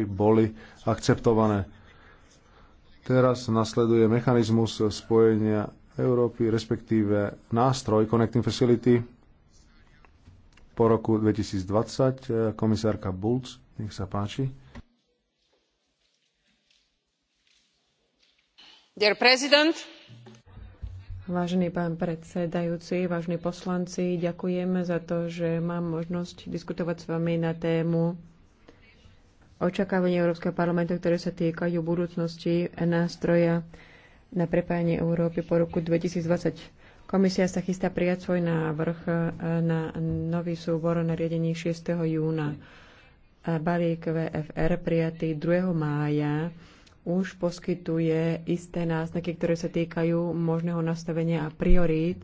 boli akceptované. Teraz nasleduje mechanizmus spojenia Európy, respektíve nástroj Connecting Facility po roku 2020. Komisárka Bulc, nech sa páči. Dear President, Vážený pán predsedajúci, vážení poslanci, ďakujem za to, že mám možnosť diskutovať s vami na tému očakávania Európskeho parlamentu, ktoré sa týkajú budúcnosti nástroja na prepájanie Európy po roku 2020. Komisia sa chystá prijať svoj návrh e, na nový súbor na riadení 6. júna. E, balík VFR prijatý 2. mája už poskytuje isté náznaky, ktoré sa týkajú možného nastavenia a priorít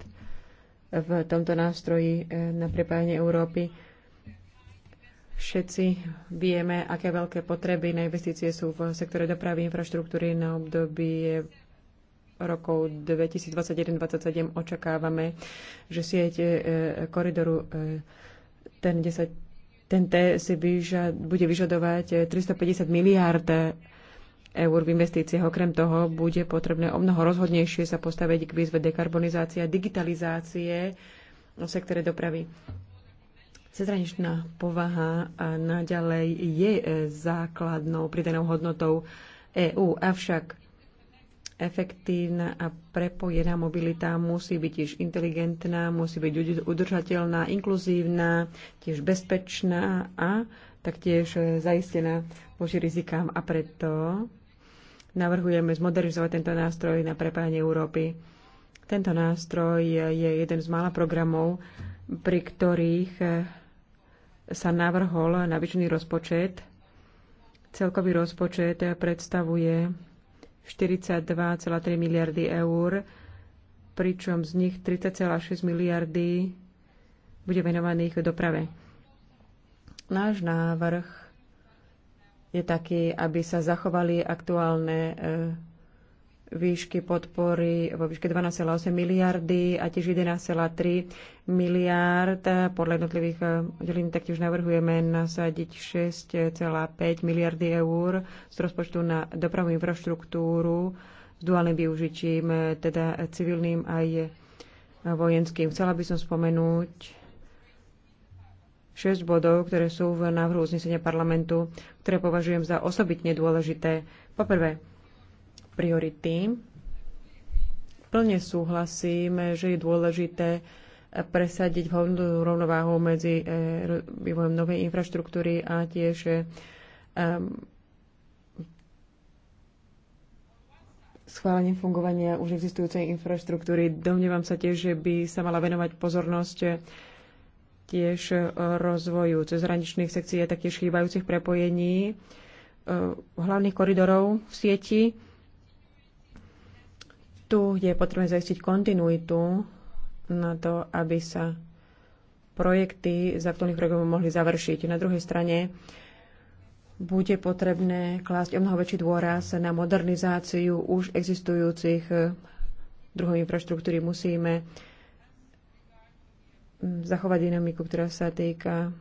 v tomto nástroji e, na prepájanie Európy. Všetci vieme, aké veľké potreby na investície sú v sektore dopravy infraštruktúry na obdobie rokov 2021-2027 očakávame, že sieť e, koridoru e, ten 10 ten T si vyžad, bude vyžadovať 350 e, miliárd eur v investíciách. Okrem toho bude potrebné o mnoho rozhodnejšie sa postaviť k výzve dekarbonizácie a digitalizácie v sektore dopravy. Cezraničná povaha naďalej je e, základnou pridanou hodnotou EÚ, avšak efektívna a prepojená mobilita musí byť tiež inteligentná, musí byť udržateľná, inkluzívna, tiež bezpečná a taktiež e, zaistená voči rizikám. A preto navrhujeme zmodernizovať tento nástroj na prepájanie Európy. Tento nástroj je jeden z mála programov, pri ktorých e, sa navrhol navýšený rozpočet. Celkový rozpočet predstavuje 42,3 miliardy eur, pričom z nich 30,6 miliardy bude venovaných doprave. Náš návrh je taký, aby sa zachovali aktuálne eh, výšky podpory vo výške 12,8 miliardy a tiež 11,3 miliard. Podľa jednotlivých eh, oddelení taktiež navrhujeme nasadiť 6,5 miliardy eur z rozpočtu na dopravnú infraštruktúru s duálnym využitím, eh, teda civilným aj vojenským. Chcela by som spomenúť 6 bodov, ktoré sú v návrhu uznesenia parlamentu, ktoré považujem za osobitne dôležité. Poprvé, priority. Plne súhlasím, že je dôležité eh, presadiť vhodnú rovnováhu medzi eh, vývojom novej infraštruktúry a tiež eh, schválením fungovania už existujúcej infraštruktúry. Domnievam sa tiež, že by sa mala venovať pozornosť tiež rozvoju cezhraničných sekcií a taktiež chýbajúcich prepojení hlavných koridorov v sieti tu je potrebné zajistiť kontinuitu na to, aby sa projekty z aktuálnych programov mohli završiť. Na druhej strane bude potrebné klásť o mnoho väčší dôraz na modernizáciu už existujúcich eh, druhov infraštruktúry. Musíme mm, zachovať dynamiku, ktorá sa týka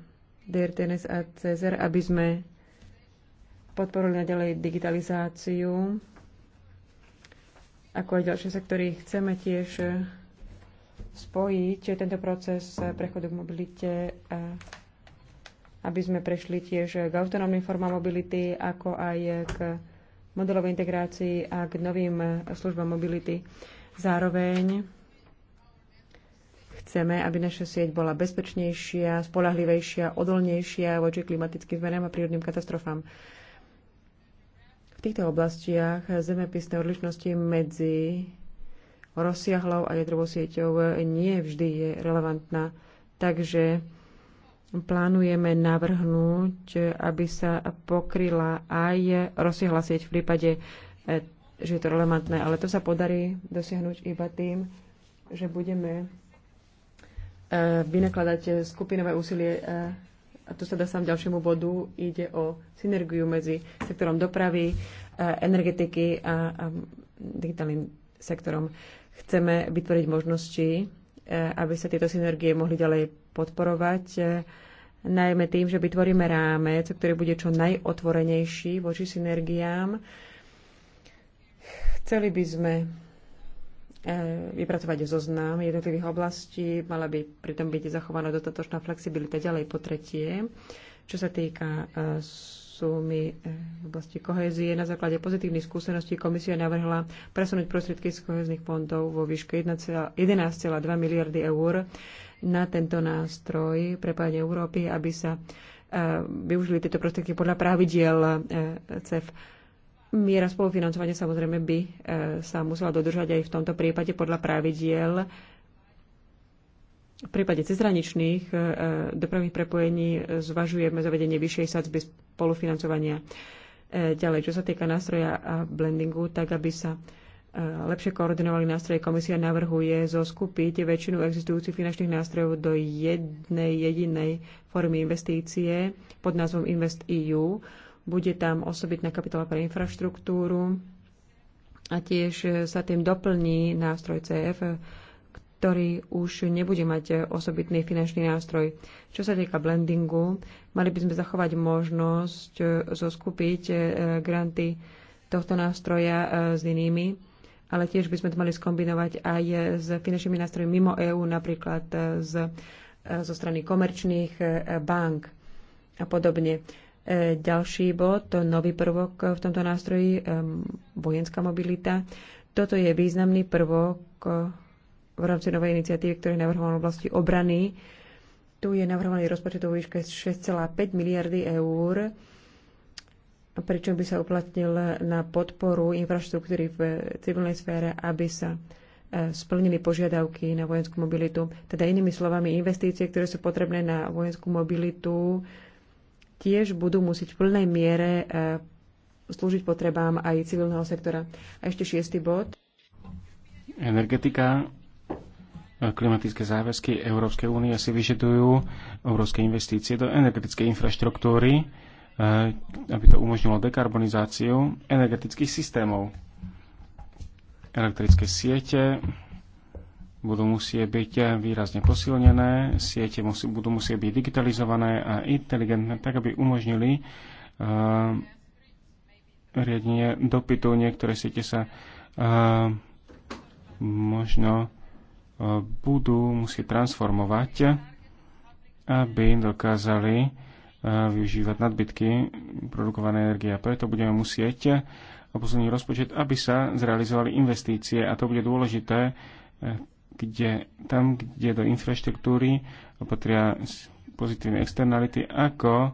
DRTNS a CESR, aby sme podporili naďalej digitalizáciu ako aj ďalšie sektory. Chceme tiež e, spojiť tento proces e, prechodu k mobilite, e, aby sme prešli tiež k autonómnym formám mobility, ako aj k modelovej integrácii a k novým službám mobility. Zároveň chceme, aby naša sieť bola bezpečnejšia, spolahlivejšia, odolnejšia voči klimatickým zmenám a prírodným katastrofám týchto oblastiach zemepisné odlišnosti medzi rozsiahlou a jadrovou sieťou nie vždy je relevantná. Takže plánujeme navrhnúť, aby sa pokryla aj rozsiahla sieť v prípade, e, že je to relevantné. Ale to sa podarí dosiahnuť iba tým, že budeme e, vynakladať skupinové úsilie e, a tu sa dostávam ďalšiemu bodu, ide o synergiu medzi sektorom dopravy, e, energetiky a, a digitálnym sektorom. Chceme vytvoriť možnosti, e, aby sa tieto synergie mohli ďalej podporovať, e, najmä tým, že vytvoríme rámec, ktorý bude čo najotvorenejší voči synergiám. Chceli by sme E, vypracovať zoznam jednotlivých oblastí, mala by pritom byť zachovaná dostatočná flexibilita ďalej po tretie. Čo sa týka e, sumy e, v oblasti kohézie, na základe pozitívnych skúseností komisia navrhla presunúť prostriedky z kohezných fondov vo výške 11,2 miliardy eur na tento nástroj prepájania Európy, aby sa využili tieto prostriedky podľa pravidiel CEF Miera spolufinancovania samozrejme by e, sa musela dodržať aj v tomto prípade podľa pravidiel. V prípade cezhraničných e, dopravných prepojení zvažujeme zavedenie vyššej sadzby spolufinancovania. E, ďalej, čo sa týka nástroja a blendingu, tak aby sa lepšie koordinovali nástroje. Komisia navrhuje zoskupiť väčšinu existujúcich finančných nástrojov do jednej jedinej formy investície pod názvom Invest EU bude tam osobitná kapitola pre infraštruktúru a tiež sa tým doplní nástroj CF, ktorý už nebude mať osobitný finančný nástroj. Čo sa týka blendingu, mali by sme zachovať možnosť zoskupiť e, granty tohto nástroja e, s inými, ale tiež by sme to mali skombinovať aj s finančnými nástrojmi mimo EÚ, napríklad z, e, zo strany komerčných bank a podobne. E, ďalší bod, to nový prvok v tomto nástroji, e, vojenská mobilita. Toto je významný prvok e, v rámci novej iniciatívy, ktorý je navrhovaný v oblasti obrany. Tu je navrhovaný rozpočet o výške 6,5 miliardy eur, pričom by sa uplatnil na podporu infraštruktúry v civilnej sfére, aby sa splnili požiadavky na vojenskú mobilitu. Teda inými slovami, investície, ktoré sú potrebné na vojenskú mobilitu, tiež budú musieť v plnej miere eh, slúžiť potrebám aj civilného sektora. A ešte šiestý bod. Energetika, eh, klimatické záväzky Európskej únie si vyžadujú európske investície do energetickej infraštruktúry, eh, aby to umožnilo dekarbonizáciu energetických systémov. Elektrické siete, budú musieť byť výrazne posilnené, siete musí, budú musieť byť digitalizované a inteligentné, tak aby umožnili uh, riadenie dopytu. Niektoré siete sa uh, možno uh, budú musieť transformovať, aby dokázali uh, využívať nadbytky produkované energie. A preto budeme musieť posunúť rozpočet, aby sa zrealizovali investície a to bude dôležité kde, tam, kde do infraštruktúry opatria pozitívne externality ako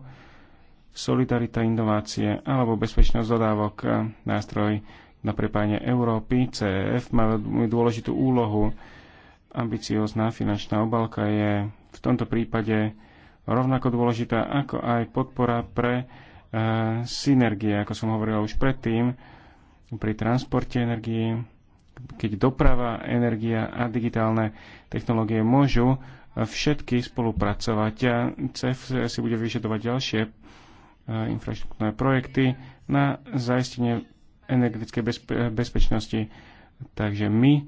solidarita inovácie alebo bezpečnosť dodávok e, nástroj na prepájanie Európy. CEF má veľmi dôležitú úlohu. ambiciózna finančná obálka je v tomto prípade rovnako dôležitá ako aj podpora pre e, synergie, ako som hovoril už predtým, pri transporte energii, keď doprava, energia a digitálne technológie môžu všetky spolupracovať. A CEF si bude vyžadovať ďalšie e, infraštruktúrne projekty na zaistenie energetickej bezpe- bezpečnosti. Takže my e,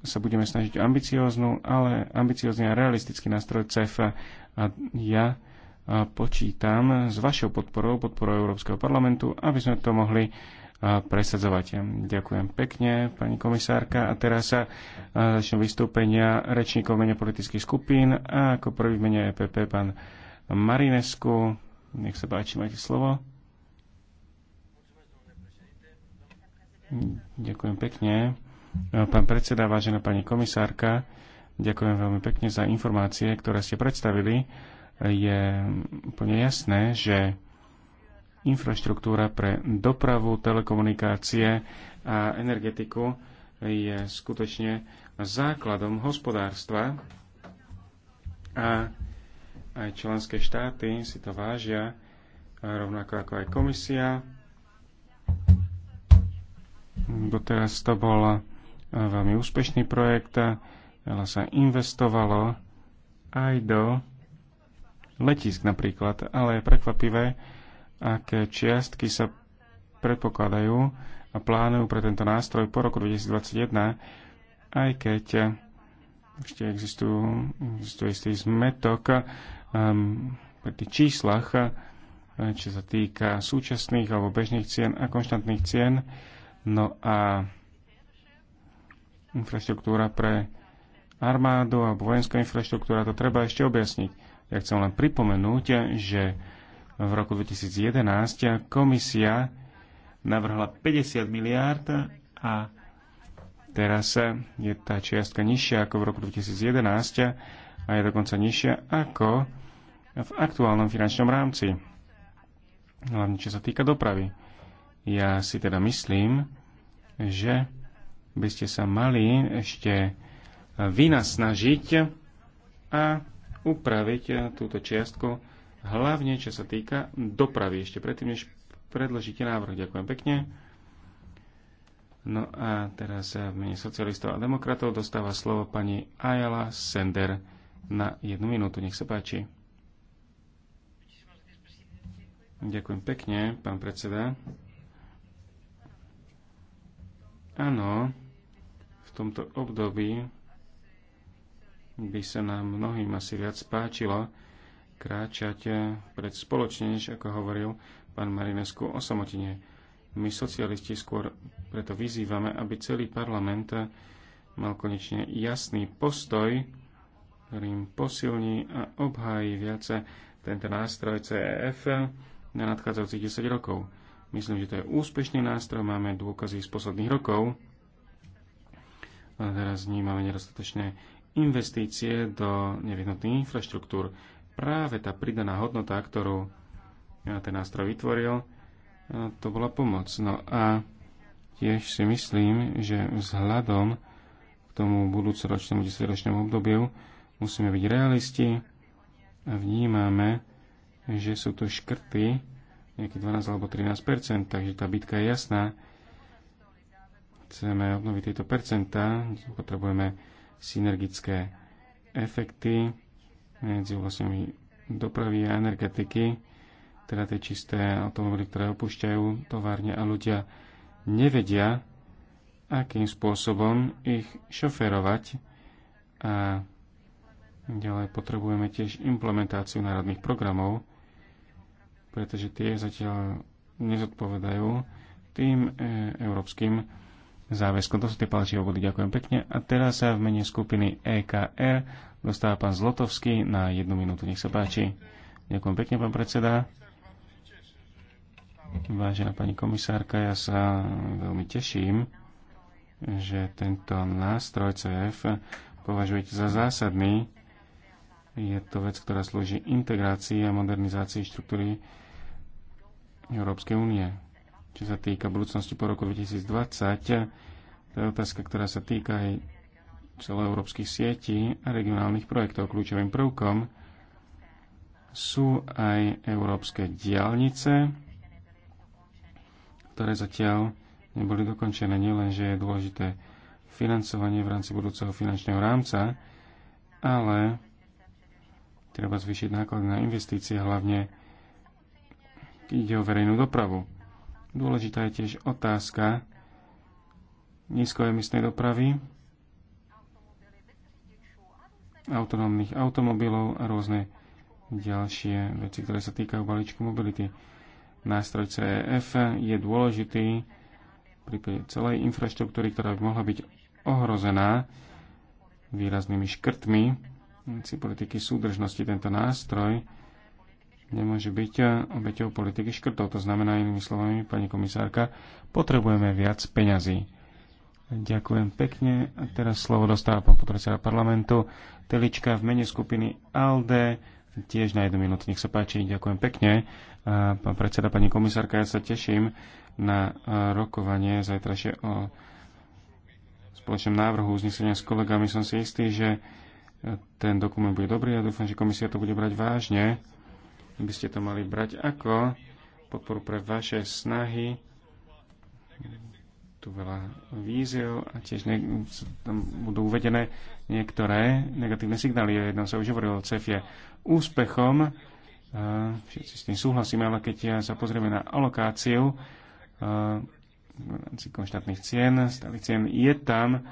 sa budeme snažiť ambicióznu, ale ambiciózny a realistický nástroj CEF. A ja e, počítam s vašou podporou, podporou Európskeho parlamentu, aby sme to mohli presadzovať. Ďakujem pekne, pani komisárka. A teraz sa začnú vystúpenia rečníkov mene politických skupín. A ako prvý v mene EPP pán Marinesku. Nech sa páči, máte slovo. Ďakujem pekne. Pán predseda, vážená pani komisárka, ďakujem veľmi pekne za informácie, ktoré ste predstavili. Je úplne jasné, že infraštruktúra pre dopravu, telekomunikácie a energetiku je skutočne základom hospodárstva a aj členské štáty si to vážia, rovnako ako aj komisia. Doteraz to bol veľmi úspešný projekt, ale sa investovalo aj do letisk napríklad, ale je prekvapivé, aké čiastky sa predpokladajú a plánujú pre tento nástroj po roku 2021, aj keď ešte existujú, existuje istý zmetok um, pri tých číslach, eh, čo sa týka súčasných alebo bežných cien a konštantných cien. No a infraštruktúra pre armádu alebo vojenská infraštruktúra, to treba ešte objasniť. Ja chcem len pripomenúť, že v roku 2011 komisia navrhla 50 miliárd a teraz je tá čiastka nižšia ako v roku 2011 a je dokonca nižšia ako v aktuálnom finančnom rámci. Hlavne čo sa týka dopravy. Ja si teda myslím, že by ste sa mali ešte vynasnažiť a upraviť túto čiastku hlavne čo sa týka dopravy. Ešte predtým, než predložíte návrh. Ďakujem pekne. No a teraz v mene socialistov a demokratov dostáva slovo pani Ayala Sender na jednu minútu. Nech sa páči. Ďakujem pekne, pán predseda. Áno, v tomto období by sa nám mnohým asi viac páčilo, kráčať pred spoločne, než ako hovoril pán Marinesku o samotine. My socialisti skôr preto vyzývame, aby celý parlament mal konečne jasný postoj, ktorým posilní a obhájí viace tento nástroj CEF na nadchádzajúcich 10 rokov. Myslím, že to je úspešný nástroj, máme dôkazy z posledných rokov. A teraz vnímame nedostatočné investície do nevyhnutných infraštruktúr práve tá pridaná hodnota, ktorú ten nástroj vytvoril, to bola pomoc. No a tiež si myslím, že vzhľadom k tomu budúcoročnému desaťročnému obdobiu musíme byť realisti a vnímame, že sú tu škrty nejakých 12 alebo 13 takže tá bitka je jasná. Chceme obnoviť tieto percentá, potrebujeme synergické efekty, medzi vlastnými dopravy a energetiky, teda tie čisté automobily, ktoré opúšťajú továrne a ľudia nevedia, akým spôsobom ich šoferovať a ďalej potrebujeme tiež implementáciu národných programov, pretože tie zatiaľ nezodpovedajú tým e, európskym záväzkom. To sú tie palčivé body. Ďakujem pekne. A teraz sa v mene skupiny EKR dostáva pán Zlotovský na jednu minútu. Nech sa páči. Ďakujem pekne, pán predseda. Vážená pani komisárka, ja sa veľmi teším, že tento nástroj CF považujete za zásadný. Je to vec, ktorá slúži integrácii a modernizácii štruktúry Európskej únie čo sa týka budúcnosti po roku 2020. To je otázka, ktorá sa týka aj celoeurópskych sietí a regionálnych projektov. Kľúčovým prvkom sú aj európske diálnice, ktoré zatiaľ neboli dokončené. Nielen, že je dôležité financovanie v rámci budúceho finančného rámca, ale treba zvýšiť náklady na investície, hlavne ide o verejnú dopravu. Dôležitá je tiež otázka nízkoemisnej dopravy, autonómnych automobilov a rôzne ďalšie veci, ktoré sa týkajú balíčku mobility. Nástroj CEF je dôležitý pri celej infraštruktúry, ktorá by mohla byť ohrozená výraznými škrtmi si politiky súdržnosti. Tento nástroj nemôže byť eh, obeťou politiky škrtov. To znamená, inými slovami, pani komisárka, potrebujeme viac peňazí. Ďakujem pekne. A teraz slovo dostáva pán podpredseda parlamentu. Telička v mene skupiny ALDE tiež na jednu minútu. Nech sa páči, ďakujem pekne. A pán predseda, pani komisárka, ja sa teším na eh, rokovanie zajtrašie o spoločnom návrhu uznesenia s kolegami. Som si istý, že eh, ten dokument bude dobrý a ja dúfam, že komisia to bude brať vážne by ste to mali brať ako podporu pre vaše snahy. Tu veľa víziev a tiež ne, tam budú uvedené niektoré negatívne signály. Ja jednom sa už hovorilo o CEFie úspechom. Všetci s tým súhlasíme, ale keď ja sa pozrieme na alokáciu v rámci konštantných cien, stálych cien, je tam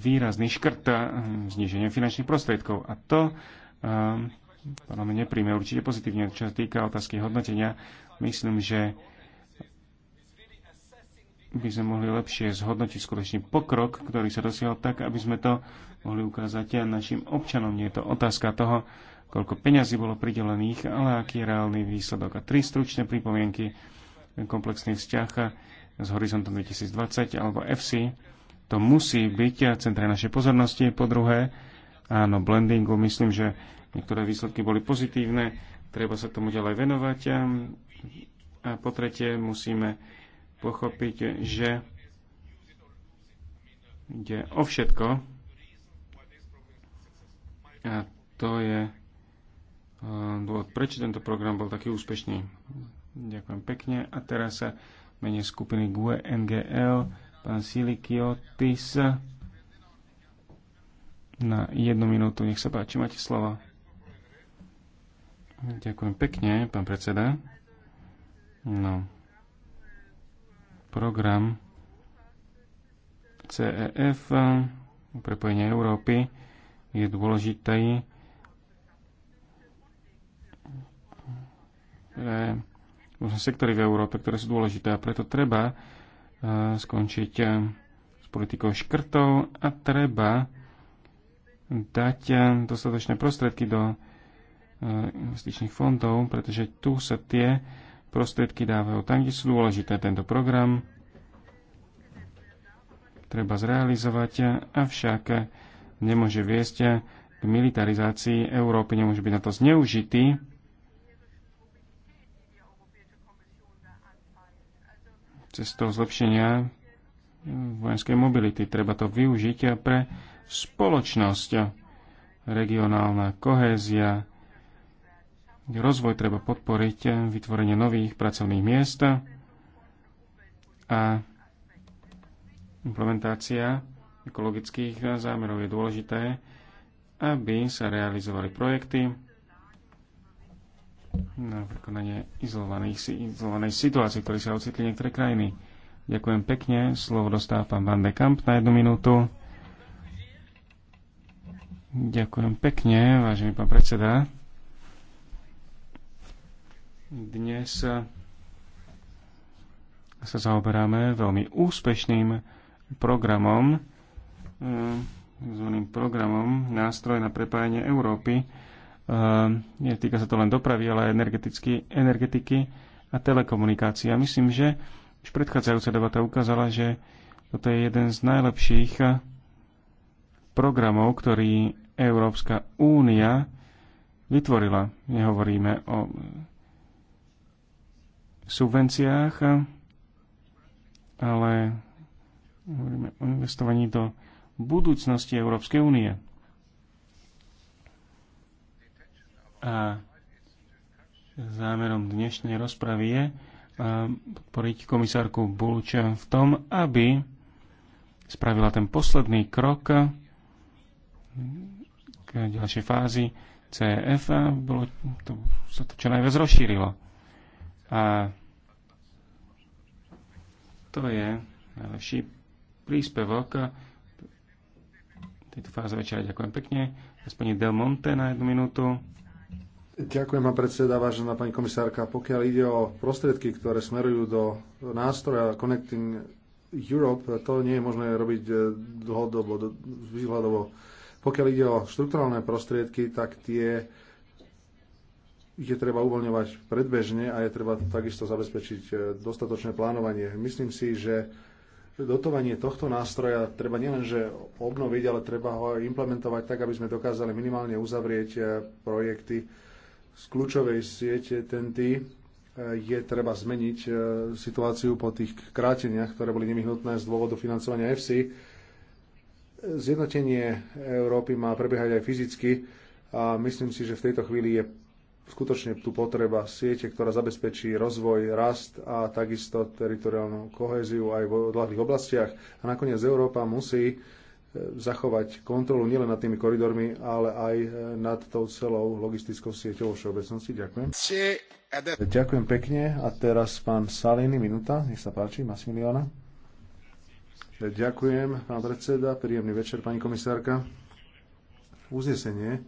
výrazný škrt zniženie finančných prostriedkov. A to parlament nepríjme určite pozitívne. Čo sa týka otázky hodnotenia, myslím, že by sme mohli lepšie zhodnotiť skutočný pokrok, ktorý sa dosiahol tak, aby sme to mohli ukázať aj našim občanom. Nie je to otázka toho, koľko peňazí bolo pridelených, ale aký je reálny výsledok. A tri stručné pripomienky, komplexný vzťah s Horizontom 2020 alebo FC, to musí byť v centre našej pozornosti. Po druhé, áno, blendingu, myslím, že Niektoré výsledky boli pozitívne, treba sa tomu ďalej venovať. A po tretie musíme pochopiť, že ide o všetko. A to je e, dôvod, prečo tento program bol taký úspešný. Ďakujem pekne. A teraz sa mene skupiny GUE NGL pán Silikiotis na jednu minútu. Nech sa páči, máte slovo. Ďakujem pekne, pán predseda. No, program CEF, prepojenie Európy, je dôležitý pre sektory v Európe, ktoré sú dôležité a preto treba e, skončiť e, s politikou škrtov a treba dať e, dostatočné prostredky do investičných fondov, pretože tu sa tie prostriedky dávajú tam, kde sú dôležité. Tento program treba zrealizovať, avšak nemôže viesť k militarizácii Európy, nemôže byť na to zneužitý. cestou zlepšenia vojenskej mobility. Treba to využiť pre spoločnosť. Regionálna kohézia rozvoj treba podporiť vytvorenie nových pracovných miest a implementácia ekologických zámerov je dôležité, aby sa realizovali projekty na prekonanie izolovanej situácie, ktorý sa ocitli niektoré krajiny. Ďakujem pekne. Slovo dostáva pán Van de Kamp na jednu minútu. Ďakujem pekne, vážený pán predseda. Dnes sa zaoberáme veľmi úspešným programom, eh, zvaným programom Nástroj na prepájanie Európy. Eh, týka sa to len dopravy, ale aj energetiky a telekomunikácií. A myslím, že už predchádzajúca debata ukázala, že toto je jeden z najlepších programov, ktorý Európska únia vytvorila. Nehovoríme o subvenciách, ale hovoríme o investovaní do budúcnosti Európskej únie. A zámerom dnešnej rozpravy je podporiť komisárku Bulča v tom, aby spravila ten posledný krok k ďalšej fázi CF a bolo to, sa to čo najviac rozšírilo. A to je najlepší príspevok tejto fáze večera. Ďakujem pekne. Aspoň Del Monte na jednu minútu. Ďakujem, pán predseda, vážená pani komisárka. Pokiaľ ide o prostriedky, ktoré smerujú do nástroja Connecting Europe, to nie je možné robiť eh, dlhodobo, výhľadovo. Pokiaľ ide o štrukturálne prostriedky, tak tie je treba uvoľňovať predbežne a je treba takisto zabezpečiť e, dostatočné plánovanie. Myslím si, že dotovanie tohto nástroja treba nielenže obnoviť, ale treba ho implementovať tak, aby sme dokázali minimálne uzavrieť e, projekty z kľúčovej siete TNT. E, je treba zmeniť situáciu po tých kráteniach, ktoré boli nevyhnutné z dôvodu financovania EFSI. Zjednotenie Európy má prebiehať aj fyzicky a myslím si, že v tejto chvíli je skutočne tu potreba siete, ktorá zabezpečí rozvoj, rast a takisto teritoriálnu kohéziu aj v odlahlých oblastiach. A nakoniec Európa musí e, zachovať kontrolu nielen nad tými koridormi, ale aj e, nad tou celou logistickou sieťou vo všeobecnosti. Ďakujem. Ďakujem pekne. A teraz pán Salini, minúta. Nech sa páči, Masiliona. Ďakujem, pán predseda. Príjemný večer, pani komisárka. Uznesenie,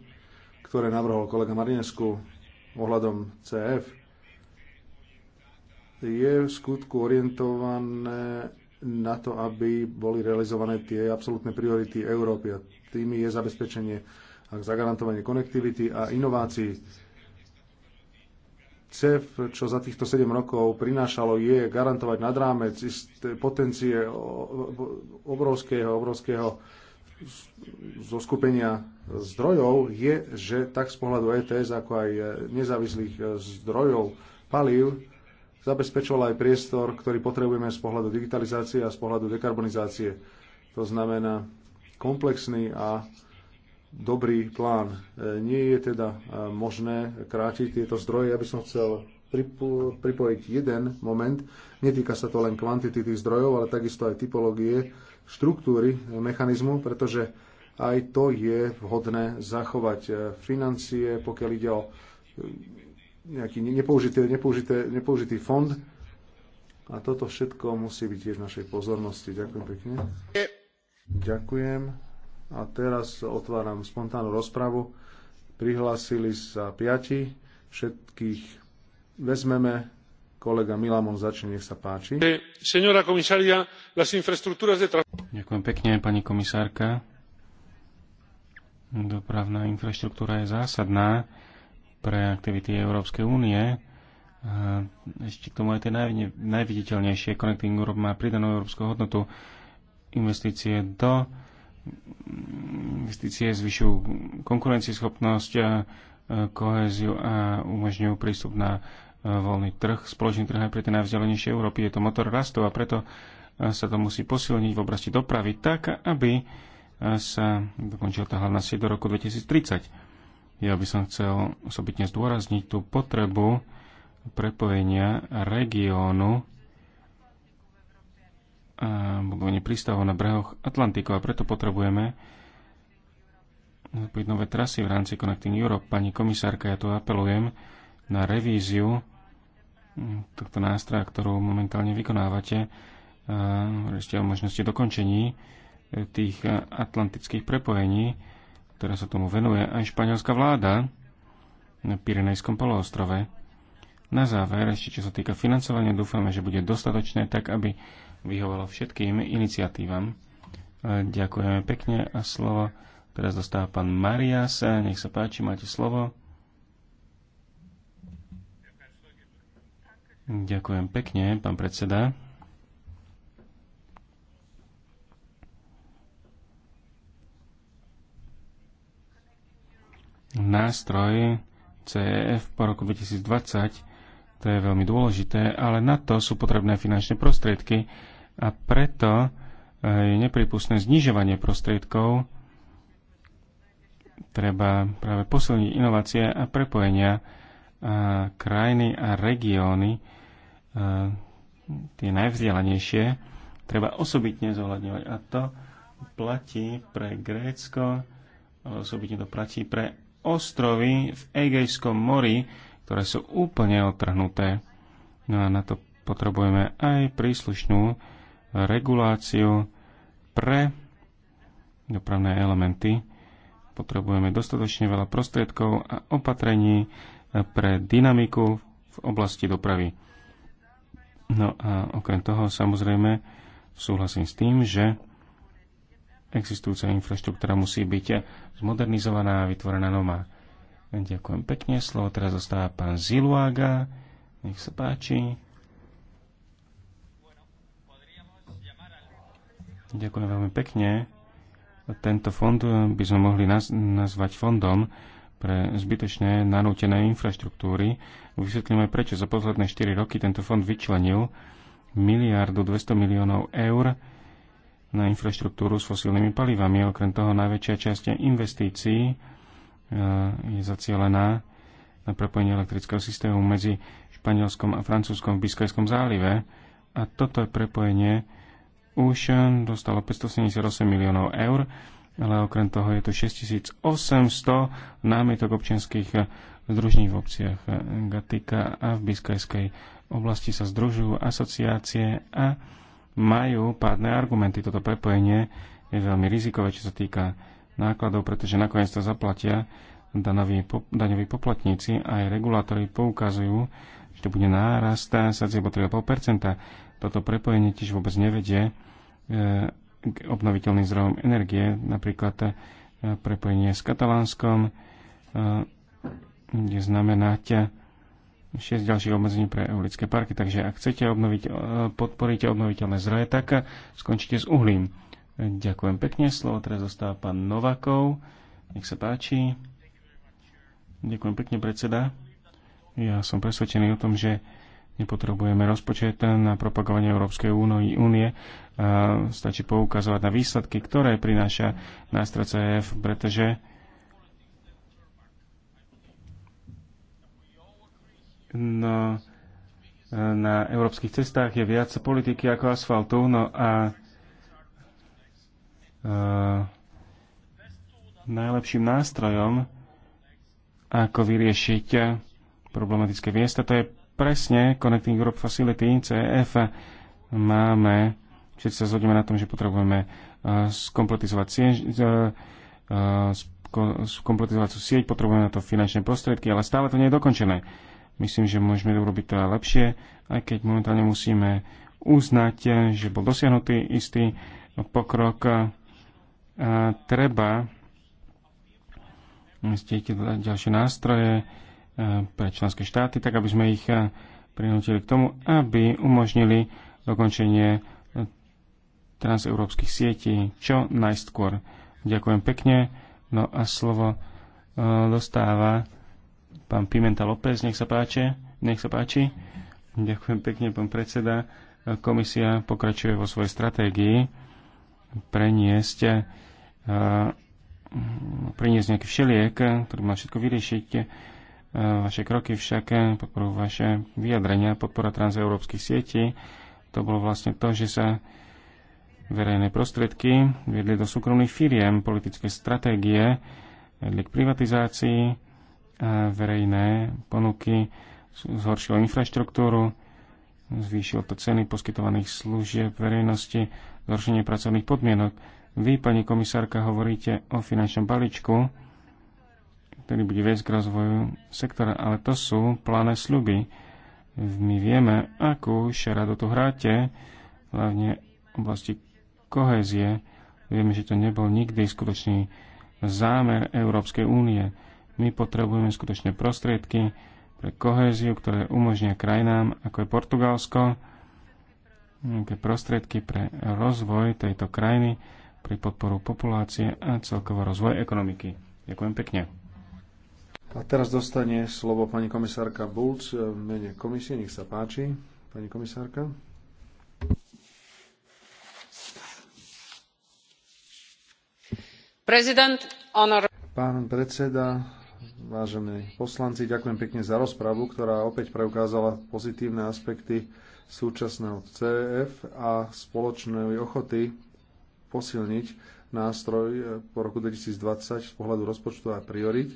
ktoré navrhol kolega Marinesku, ohľadom CF je v skutku orientované na to, aby boli realizované tie absolútne priority Európy. A tými je zabezpečenie a zagarantovanie konektivity a inovácií. CEF, čo za týchto 7 rokov prinášalo, je garantovať nad rámec isté potencie obrovského, obrovského zo skupenia zdrojov je, že tak z pohľadu ETS, ako aj e, nezávislých e, zdrojov palív, zabezpečoval aj priestor, ktorý potrebujeme z pohľadu digitalizácie a z pohľadu dekarbonizácie. To znamená komplexný a dobrý plán. E, nie je teda možné krátiť tieto zdroje. Ja by som chcel pripojiť jeden moment. Netýka sa to len kvantity tých zdrojov, ale takisto aj typológie štruktúry e, mechanizmu, pretože aj to je vhodné zachovať e, financie, pokiaľ ide o e, nejaký nepoužitý, nepoužitý, nepoužitý fond. A toto všetko musí byť tiež v našej pozornosti. Ďakujem pekne. Ďakujem. A teraz otváram spontánnu rozpravu. Prihlásili sa piati. Všetkých vezmeme Kolega Milamon začne, nech sa páči. Eh, Ďakujem pekne, pani komisárka. Dopravná infraštruktúra je zásadná pre aktivity Európskej únie. A ešte k tomu aj tie najviditeľnejšie. Connecting Europe má pridanú európsku hodnotu investície do investície zvyšujú konkurencieschopnosť a kohéziu a umožňujú prístup na E, voľný trh, spoločný trh aj pre tie najvzdialenejšie Európy. Je to motor rastu a preto e, sa to musí posilniť v oblasti dopravy tak, aby e, sa dokončila tá hlavná sieť do roku 2030. Ja by som chcel osobitne zdôrazniť tú potrebu prepojenia regiónu a budovanie prístavov na brehoch Atlantiku a preto potrebujeme nové trasy v rámci Connecting Europe. Pani komisárka, ja tu apelujem na revíziu tohto nástroja, ktorú momentálne vykonávate, eh, ešte o možnosti dokončení eh, tých eh, atlantických prepojení, ktoré sa tomu venuje aj španielská vláda na Pirenejskom poloostrove. Na záver, ešte čo sa týka financovania, dúfame, že bude dostatočné tak, aby vyhovalo všetkým iniciatívam. Ďakujeme pekne a slovo teraz dostáva pán Marias. Nech sa páči, máte slovo. Ďakujem pekne, pán predseda. Nástroj CEF po roku 2020 to je veľmi dôležité, ale na to sú potrebné finančné prostriedky a preto eh, je nepripustné znižovanie prostriedkov. Treba práve posilniť inovácie a prepojenia a eh, krajiny a regióny Eh, tie najvzdelanejšie, treba osobitne zohľadňovať. A to platí pre Grécko, ale osobitne to platí pre ostrovy v Egejskom mori, ktoré sú úplne otrhnuté. No a na to potrebujeme aj príslušnú reguláciu pre dopravné elementy. Potrebujeme dostatočne veľa prostriedkov a opatrení pre dynamiku v oblasti dopravy. No a okrem toho samozrejme súhlasím s tým, že existujúca infraštruktúra musí byť zmodernizovaná a vytvorená nová. Ďakujem pekne. Slovo teraz zostáva pán Ziluaga. Nech sa páči. Ďakujem veľmi pekne. Tento fond by sme mohli nazvať fondom pre zbytočné nanútené infraštruktúry. Vysvetlíme, prečo za posledné 4 roky tento fond vyčlenil miliardu 200 miliónov eur na infraštruktúru s fosílnymi palivami. Okrem toho najväčšia časť investícií e, je zacielená na prepojenie elektrického systému medzi Španielskom a Francúzskom v Biskajskom zálive. A toto prepojenie už dostalo 578 miliónov eur ale okrem toho je tu 6800 námietok občianských združení v obciach Gatika a v Biskajskej oblasti sa združujú asociácie a majú pádne argumenty. Toto prepojenie je veľmi rizikové, čo sa týka nákladov, pretože nakoniec to zaplatia daňoví, daňoví poplatníci a aj regulátori poukazujú, že to bude nárast sadziebo 3,5%. Toto prepojenie tiež vôbec nevedie e, k obnoviteľným zdrojom energie, napríklad eh, prepojenie s Katalánskom, eh, kde znamenáte 6 ďalších obmedzení pre eulické parky. Takže ak chcete obnoviť, eh, podporíte obnoviteľné zdroje, tak skončite s uhlím. Ďakujem pekne. Slovo teraz zostáva pán Novakov. Nech sa páči. Ďakujem pekne, predseda. Ja som presvedčený o tom, že Nepotrebujeme rozpočet na propagovanie Európskej únie. Stačí poukazovať na výsledky, ktoré prináša nástroj CEF, pretože no, na európskych cestách je viac politiky ako asfaltu. No a uh, najlepším nástrojom, ako vyriešiť problematické miesta, to je presne Connecting Europe Facility, CEF, máme, všetci sa zhodneme na tom, že potrebujeme eh, skompletizovať eh, eh, skompletizovať sieť, potrebujeme na to finančné prostriedky, ale stále to nie je dokončené. Myslím, že môžeme to urobiť to teda aj lepšie, aj keď momentálne musíme uznať, že bol dosiahnutý istý pokrok. A treba zistiť ďalšie nástroje, pre členské štáty, tak aby sme ich eh, prinútili k tomu, aby umožnili dokončenie eh, transeurópskych sietí čo najskôr. Ďakujem pekne. No a slovo eh, dostáva pán Pimenta López, nech sa páči. Nech sa páči. Ďakujem pekne, pán predseda. Komisia pokračuje vo svojej stratégii preniesť preniesť nejaký všeliek, ktorý má všetko vyriešiť Vaše kroky však eh, podporu vaše vyjadrenia, podpora transeurópskych sietí. To bolo vlastne to, že sa verejné prostriedky viedli do súkromných firiem, politické stratégie vedli k privatizácii, a verejné ponuky zhoršilo infraštruktúru, zvýšilo to ceny poskytovaných služieb verejnosti, zhoršenie pracovných podmienok. Vy, pani komisárka, hovoríte o finančnom balíčku, ktorý bude viesť k rozvoju sektora. Ale to sú pláne sľuby. My vieme, akú šeradu tu hráte, hlavne v oblasti kohézie. Vieme, že to nebol nikdy skutočný zámer Európskej únie. My potrebujeme skutočne prostriedky pre kohéziu, ktoré umožnia krajinám, ako je Portugalsko, nejaké prostriedky pre rozvoj tejto krajiny, pri podporu populácie a celkovo rozvoj ekonomiky. Ďakujem pekne. A teraz dostane slovo pani komisárka Bulc v mene komisie. Nech sa páči, pani komisárka. Honor... Pán predseda, vážení poslanci, ďakujem pekne za rozpravu, ktorá opäť preukázala pozitívne aspekty súčasného CEF a spoločnej ochoty posilniť nástroj po roku 2020 z pohľadu rozpočtu a priorit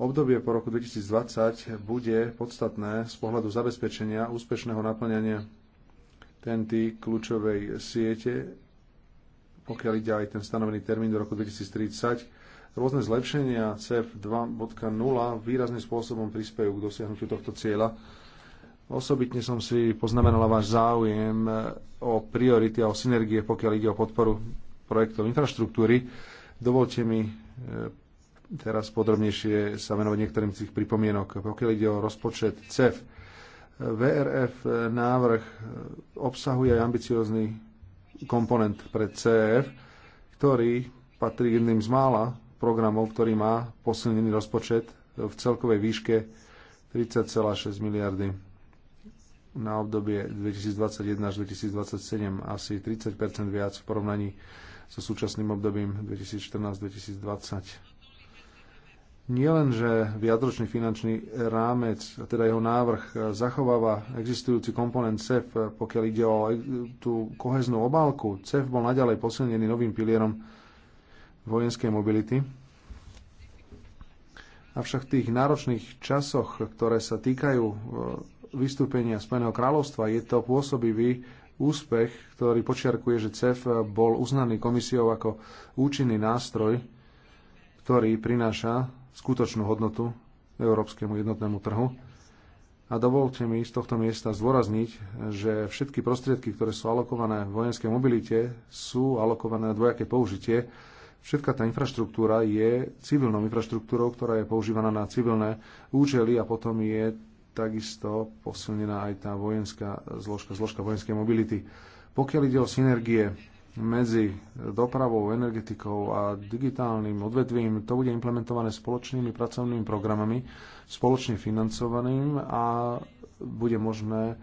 Obdobie po roku 2020 bude podstatné z pohľadu zabezpečenia úspešného naplňania TNT kľúčovej siete, pokiaľ ide aj ten stanovený termín do roku 2030. Rôzne zlepšenia CEF 2.0 výrazným spôsobom prispejú k dosiahnutiu tohto cieľa. Osobitne som si poznamenala váš záujem o priority a o synergie, pokiaľ ide o podporu projektov infraštruktúry. Dovolte mi e, teraz podrobnejšie sa venovať niektorým z tých pripomienok. Pokiaľ ide o rozpočet CEF, VRF návrh obsahuje aj ambiciózny komponent pre CEF, ktorý patrí jedným z mála programov, ktorý má posilnený rozpočet v celkovej výške 30,6 miliardy na obdobie 2021 až 2027, asi 30 viac v porovnaní so súčasným obdobím 2014-2020 nielen, že viacročný finančný rámec, teda jeho návrh, zachováva existujúci komponent CEF, pokiaľ ide o e, tú koheznú obálku, CEF bol naďalej posilnený novým pilierom vojenskej mobility. Avšak v tých náročných časoch, ktoré sa týkajú e, vystúpenia Spojeného kráľovstva, je to pôsobivý úspech, ktorý počiarkuje, že CEF bol uznaný komisiou ako účinný nástroj, ktorý prináša skutočnú hodnotu európskemu jednotnému trhu. A dovolte mi z tohto miesta zdôrazniť, že všetky prostriedky, ktoré sú alokované v vojenskej mobilite, sú alokované na dvojaké použitie. Všetká tá infraštruktúra je civilnou infraštruktúrou, ktorá je používaná na civilné účely a potom je takisto posilnená aj tá vojenská zložka, zložka vojenskej mobility. Pokiaľ ide o synergie medzi dopravou, energetikou a digitálnym odvetvím, to bude implementované spoločnými pracovnými programami, spoločne financovaným a bude možné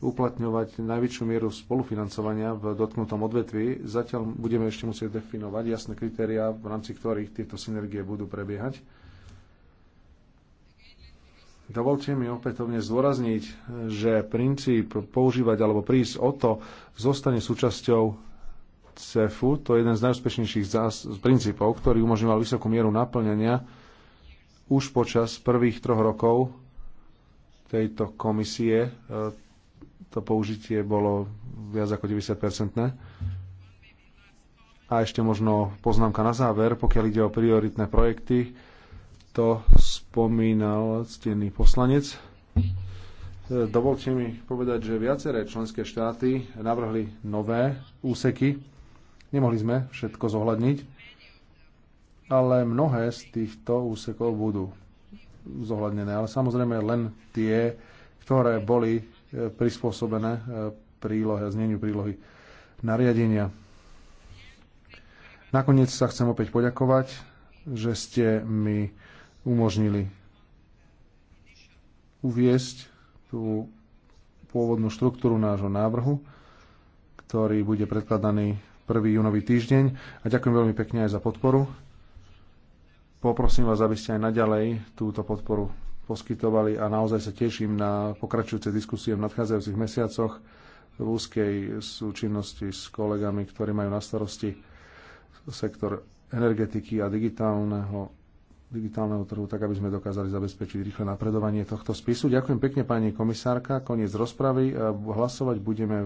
uplatňovať najväčšiu mieru spolufinancovania v dotknutom odvetví. Zatiaľ budeme ešte musieť definovať jasné kritériá, v rámci ktorých tieto synergie budú prebiehať. Dovolte mi opätovne zdôrazniť, že princíp používať alebo prísť o to zostane súčasťou CEFu. To je jeden z najúspešnejších princípov, ktorý umožňoval vysokú mieru naplňania už počas prvých troch rokov tejto komisie. E, to použitie bolo viac ako 90-percentné. A ešte možno poznámka na záver, pokiaľ ide o prioritné projekty, to spomínal ctený poslanec. E, dovolte mi povedať, že viaceré členské štáty navrhli nové úseky Nemohli sme všetko zohľadniť, ale mnohé z týchto úsekov budú zohľadnené. Ale samozrejme len tie, ktoré boli e, prispôsobené e, prílohe, zneniu prílohy nariadenia. Nakoniec sa chcem opäť poďakovať, že ste mi umožnili uviesť tú pôvodnú štruktúru nášho návrhu, ktorý bude predkladaný prvý júnový týždeň a ďakujem veľmi pekne aj za podporu. Poprosím vás, aby ste aj naďalej túto podporu poskytovali a naozaj sa teším na pokračujúce diskusie v nadchádzajúcich mesiacoch v úzkej súčinnosti s kolegami, ktorí majú na starosti sektor energetiky a digitálneho, digitálneho trhu, tak aby sme dokázali zabezpečiť rýchle napredovanie tohto spisu. Ďakujem pekne, pani komisárka. Koniec rozpravy. Hlasovať budeme